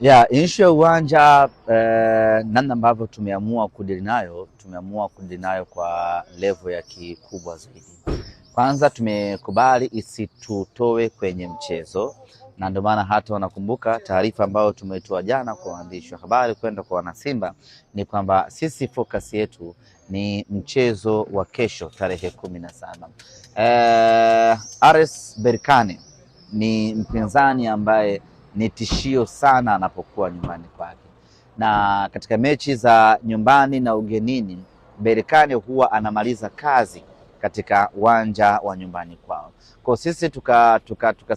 Yeah, issue ya uwanja eh, namna ambavyo tumeamua kudili nayo, tumeamua kudili nayo kwa level ya kikubwa zaidi. Kwanza tumekubali isitutoe kwenye mchezo, na ndio maana hata wanakumbuka taarifa ambayo tumetoa jana kwa waandishi wa habari kwenda kwa wanasimba ni kwamba sisi focus yetu ni mchezo wa kesho tarehe kumi na saba. Eh, RS Berkane ni mpinzani ambaye ni tishio sana anapokuwa nyumbani kwake. Na katika mechi za nyumbani na ugenini, Berkane huwa anamaliza kazi katika uwanja wa nyumbani kwao. Kwa sisi tukasema tuka, tuka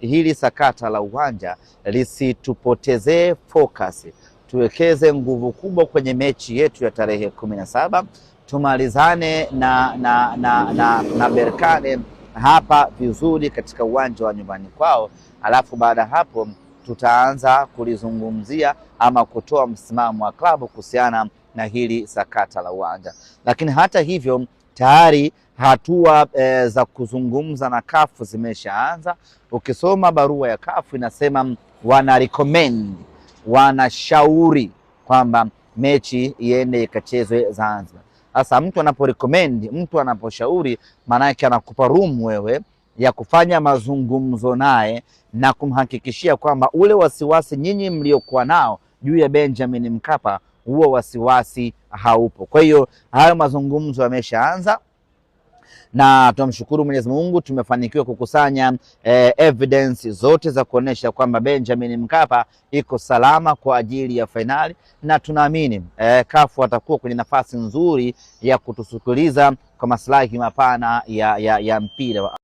hili sakata la uwanja lisitupotezee focus, tuwekeze nguvu kubwa kwenye mechi yetu ya tarehe kumi na saba tumalizane na, na, na, na, na Berkane hapa vizuri katika uwanja wa nyumbani kwao, alafu baada ya hapo tutaanza kulizungumzia ama kutoa msimamo wa klabu kuhusiana na hili sakata la uwanja. Lakini hata hivyo tayari hatua e, za kuzungumza na kafu zimeshaanza. Ukisoma barua ya kafu inasema wana recommend, wanashauri kwamba mechi iende ikachezwe Zanzibar. Sasa mtu anaporecommend, mtu anaposhauri, maana yake anakupa room wewe ya kufanya mazungumzo naye na kumhakikishia kwamba ule wasiwasi nyinyi mliokuwa nao juu ya Benjamin Mkapa huo wasiwasi haupo. Kwa hiyo hayo mazungumzo yameshaanza na tunamshukuru Mwenyezi Mungu tumefanikiwa kukusanya eh, evidence zote za kuonesha kwamba Benjamin Mkapa iko salama kwa ajili ya fainali, na tunaamini eh, kafu atakuwa kwenye nafasi nzuri ya kutusikiliza kwa maslahi mapana ya, ya, ya mpira